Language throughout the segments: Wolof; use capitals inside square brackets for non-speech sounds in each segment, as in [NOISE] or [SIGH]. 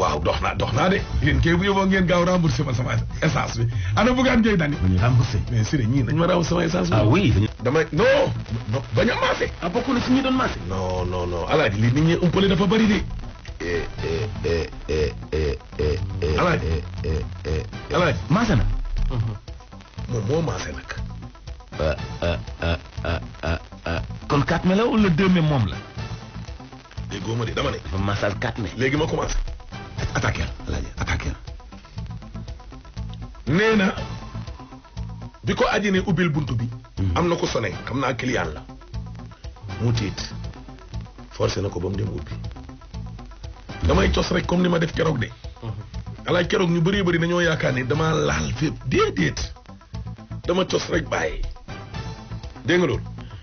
waaw dox naa dox naa de yéen kay bu yóbboo ngeen gaaw remboursé ma sama essence bi ana bugaan ngay dani remboursé mais si ñii dañ ma remboursé sama essence bi ah oui ah damay a maase ah bokk na si ñi doon maase non non non alaaji li nit ñi umpale dafa bëri de maase na moom moo maase nag euh, euh, euh, kon 4 mai la wala 2 mai moom la déggoo ma de dama ne dafa maasal 4 mai léegi ma commencé attaqué alaaji na bi ko aji ne ubbil bunt bi hmm. am na ko sone xam naa client la mu tiit forcé na ko ba mu dem ubbi damay cos rek comme ni ma def keroog de hmm. alaaj keroog ñu bari bëri dañoo yaakaar ni dama laal fépp déedéet dama cos rek bàyyi dégg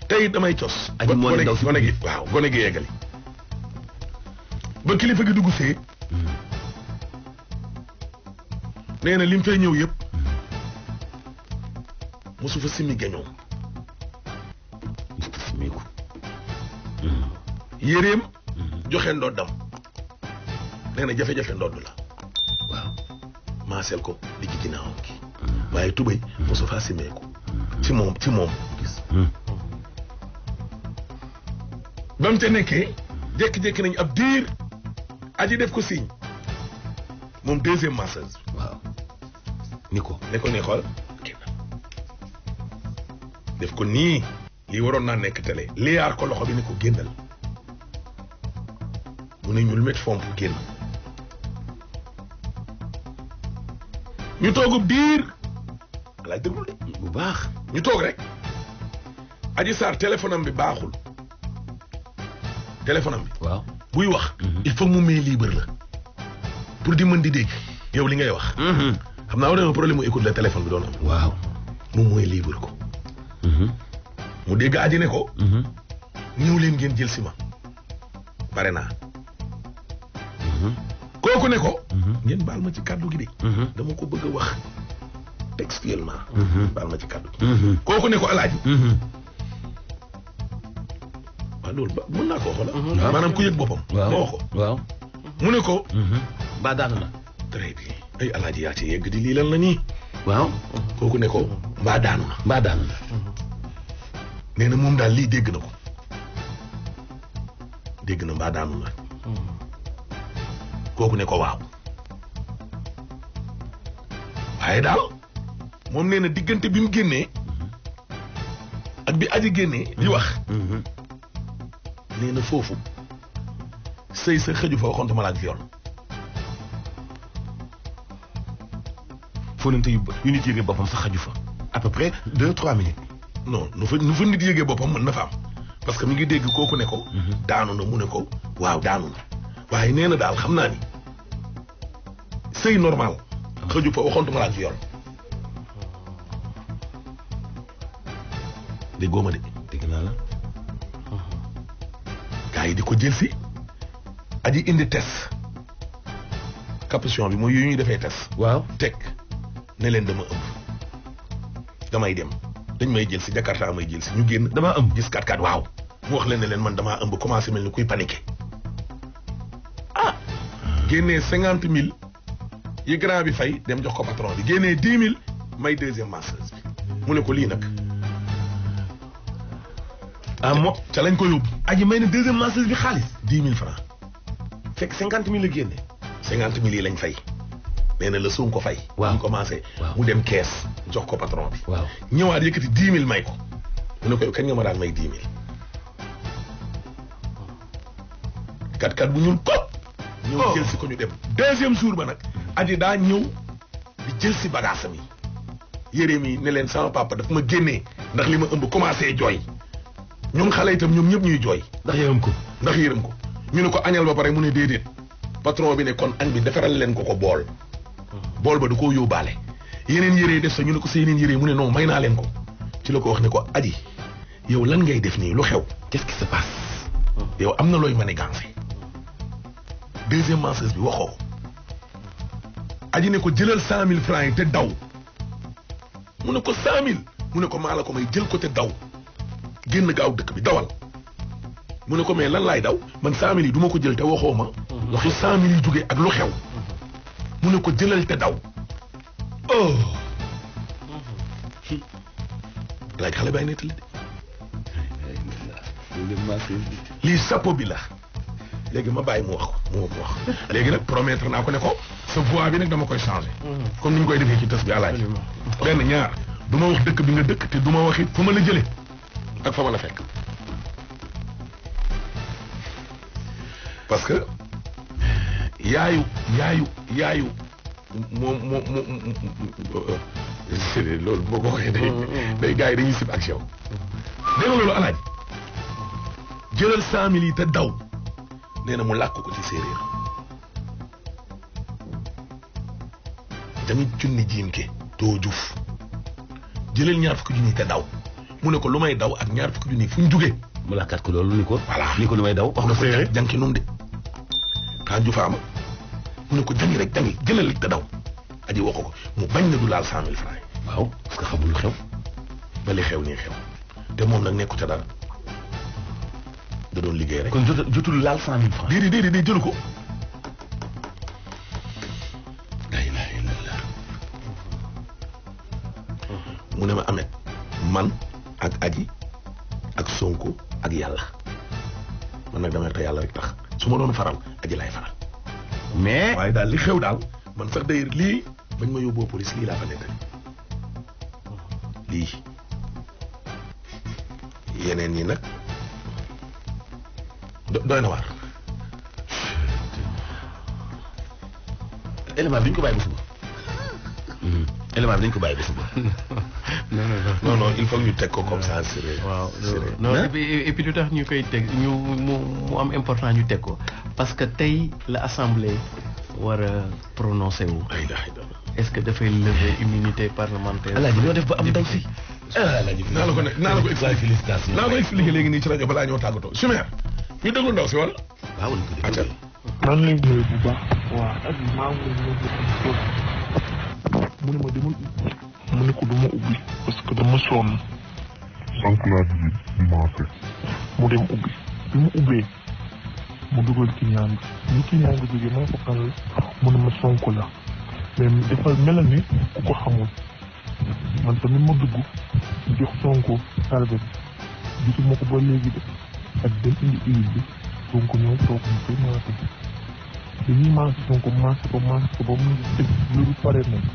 tey damay cos aji gone gi gone gi yeggali ba kilifa gi dugg see nee na lim fay ñëw yëpp mosu fa simi gañoom simiku mm-hmm. yéreem mm-hmm. joxe ndoddam nee na jafe-jafe ndodd la maaseel ko digg ginnaawam gi mm-hmm. waaye tubéy mosu faa simeeku ci moom ci moom gis ca nekkee jékki-jékki nañ ab diir aji def ko signe moom deuxième masseuse ni ko ne ko nii xool def ko nii lii waroon naa nekk télé liyaar ko loxo bi ni ko génnal mu ne ñul met fomp génn ñu toogu biir alaaj déglu de bu baax ñu toog rek aji saar téléphone bi baaxul téléphone am bi buy wax mhm. il faut mu mee libre la pour di mën di dégg yow li ngay wax mhm. xam naa woon problème mu écoute la téléphone bi doon am. waaw moom ko. Mm-hmm. mu dégg aji ne ko. Mm-hmm. ñëw leen ngeen jël si ma pare naa. Mm-hmm. kooku ne ko. ngeen baal ma ci kàddu gi de. dama ko bëgg a wax textuellement. baal ma ci kàddu gi. kooku ne ko alaaji. waaw ah, loolu ba mën naa ku yëg boppam. moo ko. waaw mu ne ko. ba daan ay alaaji yaa ci yegg di lii lan la nii. waaw kooku ne ko mbaa daanu mbaa daanu na. moom daal lii dégg na ko dégg na mbaa daanu kooku ne ko waaw. waaye daal moom nee diggante bi mu génnee ak bi aji génnee. di mm-hmm. wax. Mm-hmm. nee na foofu sëy sa xëju fa waxoon dama laaj yoon. fóonante yu yu nit yëgee boppam sax xaju fa à peu près deux trois minutes. non nu fa nu fa nit yëgee boppam mën na fa am parce que mu ngi dégg kooku ne ko. Mhm. daanu na mu ne ko waaw daanu na waaye nee na daal xam naa ni sëy normal xaju fa waxoontuma laa viol. dégg góoma de dégg naa la. gars yi di ko jël si. aji indi test. capuchon bi mooy yu ñuy defee tes waaw teg. ne leen dama ëmb damay dem dañ may jël si Jakarta may jël si ñu génn dama ëmb gis kat kat waaw mu wax leen ne leen man damaa ëmb commencé mel ni kuy paniqué ah génnee cinquante mille yi grand bi fay dem jox ko patron bi génnee dix mille may deuxième masseuse bi mu ne ko lii nag ah mo ca lañ ko yóbbu aji may ne deuxième masseuse bi xaalis dix mille francs fekk cinquante mille la génne cinquante mille yi lañ fay nee na la Sonko fay. waaw ñu commencé. mu dem kees jox ko patron bi. ñëwaat yëkkati dix mille may ko. mu ne ko kañ nga ma daan may dix kat kat bu ñuul kop. Oh. ñëw jël si ko ñu dem. deuxième jour ba nag. aji daa ñëw di jël si bagage am yi. yére ne leen sama papa daf ma génnee ndax li ma ëmb commencé jooy ñun xale itam ñoom ñëpp ñuy jooy. ndax yërëm ko ndax yërëm ko. ñu ne ko añal ba pare mu ne déedéet patron bi ne kon añ bi defaral leen ko ko bool. bool ba da koo yóbbaale yeneen yére yi def sax ñu ne ko sa yeneen yére yi mu ne non may naa leen ko ci la ko wax ne ko aji yow lan ngay def nii lu xew qu'est-ce se passe hmm. yow am na looy manigancé deuxième message bi waxoo aji ne ko jëlal cent mille francs yi te daw mu ne ko cent mu ne ko maa la ko may jël ko te daw génn gaaw dëkk bi dawal mu ne ko mais lan laay daw man cent mille yi du ma ko jël te waxoo ma hmm. waxu cent mille yi jógee ak lu xew mu ne ko jëlal te daw oh laaj xale bàyyi nettali de lii sappo bi la léegi ma bàyyi mu wax mu wax léegi nag promettre naa ko ne ko sa voix koy changé comme ni ñu koy defee ci tas bi àlaaji benn ñaar du ma wax dëkk bi nga dëkk te du ma wax it fu ma la jële ak fa ma la fekk parce yaayu yaayu yaayu moom moom moom euh, loolu boo ko waxee day day gars yi dañuy sib ak yow dégg nga loolu alaaj jëlal cent mille yi te daw nee na mu làkk ko ci séeréer tamit junni jiin ke too juf jëlal ñaar fukki junni te daw mu ne ko lu may daw ak ñaar fukki junni fu ñu jugee mu làkkaat ko loolu ni ko voilà ni ko lu may daw wax nga ko jànki num de Tanju Faama mu ne ko jangi rek jangi jëlal te daw aji woo mu bañ na du laal cent mille franc yi waaw parce que xamul lu xew ba li xew nii xew te moom nag nekku ca dara da doon liggéey rek. kon jotul jotul laal cent di franc. déedéet déedéet jëlu ko. daal li xew daal man sax day lii bañ ma yóbboo police lii laa fa nettali lii yeneen yi nag doy na waar élément bi ñu ko bàyyi ba suba mm-hmm. élément bi dañ ko bàyyi ba suba [LAUGHS] non non il faut ñu teg ko comme ça sérieux waaw non et lu tax ñu koy teg ñu mu am important ñu teg ko parce que tey la assemblée war a prononcé wu. est-ce que dafay lever immunité parlementaire. alaaji ñoo def ba am ndaw si. Ah, alaaji naa la ko ne naa la ko léegi nii ci rajo balaa ñoo tàggatoo su maire ñu déglu ndaw si acca. maa ngi lay nuyu bu baax. waaw ak maa ngi lay nuyu mu ne ma dama ubbi. mu ne ko dama ubbi. parce mu dem ubbi. bi mu mu dugal client bi ñu client bi jógee ma ne ko xal mu ne la mais dafa mel ni ku ko xamul man tamit ma dugg jox Sonko salvet bi gisuma ko ba léegi de ak ko maase ko ba mu def loolu pare moom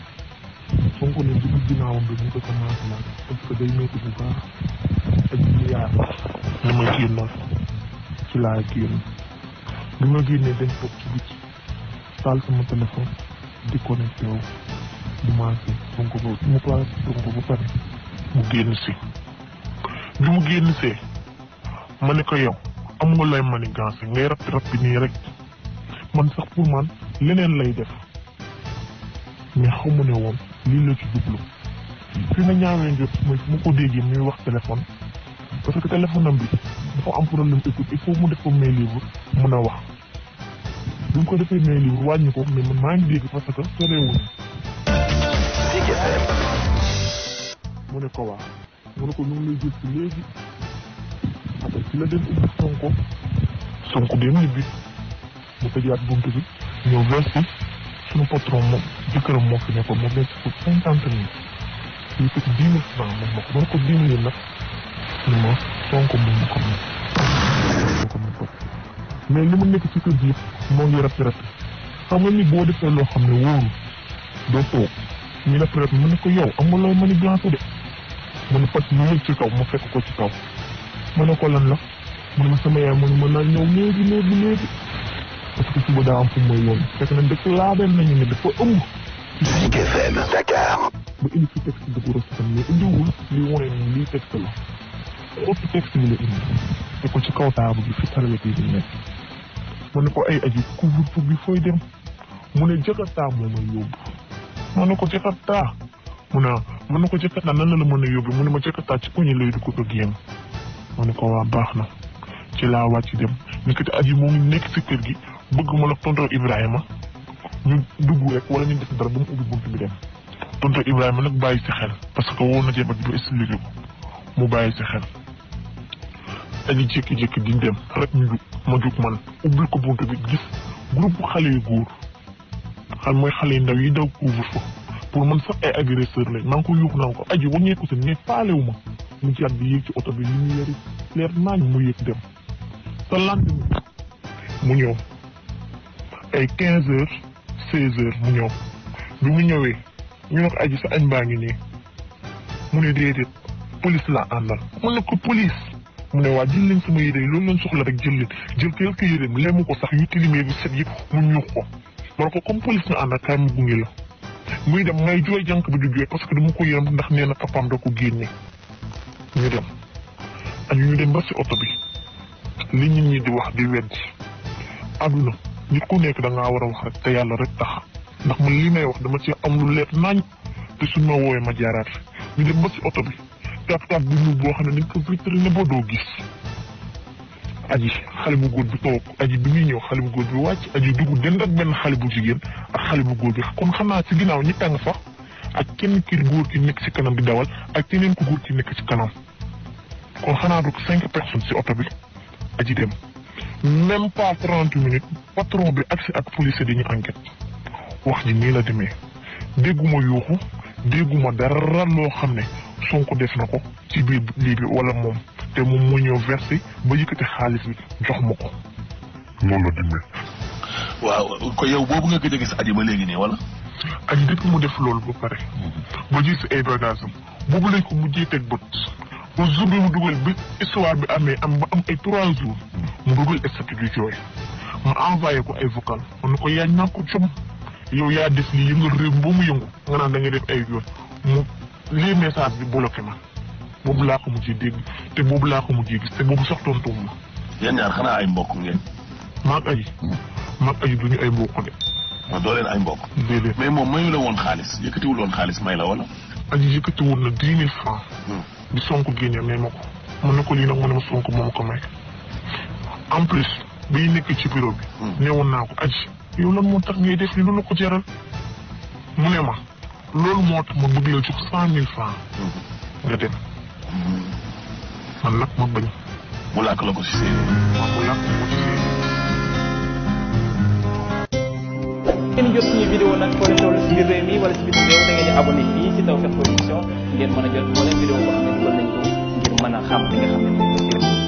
Sonko ne dugg ginnaawam bi ko ko maase parce que day métti bu baax ak milliard ñu ma génnal ci laa génn bi ma génnee dañ toog ci biti taal sama téléphone di connecté mu génn si bi mu génn see ma ne ko yow am nga lay manigancé ngay rab rab nii rek man sax pour man leneen lay def mais xamu ne woon lii la ci jublu fi ma ñaawee njot mooy fu ma ko déggee muy wax téléphone parce que téléphone am bi dafa am problème écoute il faut mu def ko libre mun a wax bu ñu ko defee main livre wàññi ko mais maa ngi dégg parce que sorewuñ mu ne ko waa mu ko ñu ngi lay jël si Sonko dem ni bit mu tëjaat buntu bi ñëw versi suñu patron moom jëkkëram moo nekkoon ma moom ma ko ma ne ni ma Sonko moom ma ko mais li mu nekk ci kër gi moo ngi rëpp rëpp xam nga ni boo defee loo xam ne wóoru doo toog ñu rëpp rëpp mu ne ko yow amul loo mën a glancé de mu ne pat mu yëg ci kaw mu fekk ko ci kaw mu ne ko lan la mu ne ma sama yaay mu ne ma naa ñëw léegi léegi léegi parce que suba daa am fu may yoon fekk na dëkk laabel nañu ne dafa ëmb Zik FM Dakar ba indi ci texte da ko rëstam mais indiwul li wone ni lii texte la ëpp texte bi la indi te ko ci kaw taabu bi fi taralet yi di nekk mu ne ko ay aji couvre-feu bi fooy dem mu ne Jakarta moo may yóbbu ma ne ko Jakarta mu ne ma ne ko Jakarta nan la mën a yóbbu mu ne ma Jakarta ci koñi lay dugg ak yéen ma ne ko waa baax na ci laa wàcc dem ni ko aji moo ngi nekk si kër gi bëgg la tonton Ibrahima ñu dugg rek wala ñu def dara ba mu ubbi bunt bi Ibrahima nag bàyyi ci xel parce que woo na jéem a ba expliqué ko mu bàyyi ci xel aji jékki-jékki di dem rek ñu dugg ma jóg man ubbil ko buntu bi gis groupe xale yu góor xam mooy xale yu ndaw yi daw couvre-feu pour man sax ay agresseur lañ maa ngi ko yuux naan ko aji waññeeku si mu bi yéeg bi li mu yari leer ñëw ay quinze heures seize heures mu ñëw bi mu ñëwee ñu ne ko aji sa añ baa ngi nii mu ne déedéet police la àndal mu ne ko police mu ne waa jël leen sama yére yi loolu lañ soxla rek jël leen jël yéreem lemu ko sax yu tilimee bi set yëpp mu ñuux ko ma ne ko comme police nga ànd ak kaay mu gunge la muy dem ngay jooy janq bi du jooy parce que dama ko yërëm ndax nee na papaam da ko génne ñu dem añu ñu dem ba si oto bi li ñu ñi di wax di weddi àdduna nit ko nekk da ngaa war a wax rek te yàlla rek tax ndax man lii may wax dama ci am lu leer nañ te suñ ma woowee ma jaaraat ñu dem ba oto bi 4-4 bu boo xam ne ni ko vitrine doo gis. aji xale bu góor bi toog aji bi ñuy ñëw xale bu góor bi wàcc aji dugg dend benn xale bu jigéen ak xale bu góor bi kon naa ci ginnaaw ñi tàng sax ak kenn ki góor ki nekk ci kanam di dawal ak keneen ku góor ki nekk ci kanam kon xanaa du cinq personnes ci oto bi aji dem même pas trente minutes patron bi agsi ak police dañu enquête wax ji nii la demee dégguma yuuxu dégguma dara loo xam ne Sonko def na ko ci biir lii bi wala moom te moom moo ñëw versé ba yëkkati xaalis bi jox ma ko. moom la demee. waaw ko yow boobu nga gëj a gis aji ba léegi nii wala. aji depuis mu def loolu ba pare. Mm-hmm. ba gis ay bagages am boobu lañ ko mujjee teg bët. ba jour bi mu dugal bi histoire bi amee am ba ay trois jours. mu dugal statut du jooy. envoyé ko ay vocal. ma ne ko yaa ñàkk jom yow yaa def lii yëngal réew mi mu yëngu nga naan da nga def ay yoon mu lii message bi bloqué ma boobu laa ko mujjee dégg te boobu laa ko mujjee gis te boobu sax tontuwu ma. yéen xanaa ay mbokk ngeen. maag aji. Hmm. maag aji ñu ay mbokk de. ma doo leen ay mbokk. déedéet mais moom mayu la woon xaalis yëkkatiwul xaalis may la wala. aji yëkkatiwul na dix mille francs. Hmm. di sonk génne may ma ko. mën na ko lii nag mu ne ma sonk moom ko may. en plus biy nekk ci bureau bi. Hmm. newoon naa ko aji. yow lan moo tax ngay def li lu la ko jaral mu ne ma. loolu moo tax ma bëgg la jox cent mille franc. Mhm. nga dem. man nag ma bañ. mu làkk la ko si séeréer. waaw mu làkk la ko si séeréer. ngeen jot suñu vidéo nag foo leen toll si biir réew mi wala si biir réew da ngeen di abonné fii si Tawfekh Production ngeen mën a jot moo leen vidéo boo xam ne dugal nañ ko ngir mën a xam li nga xam ne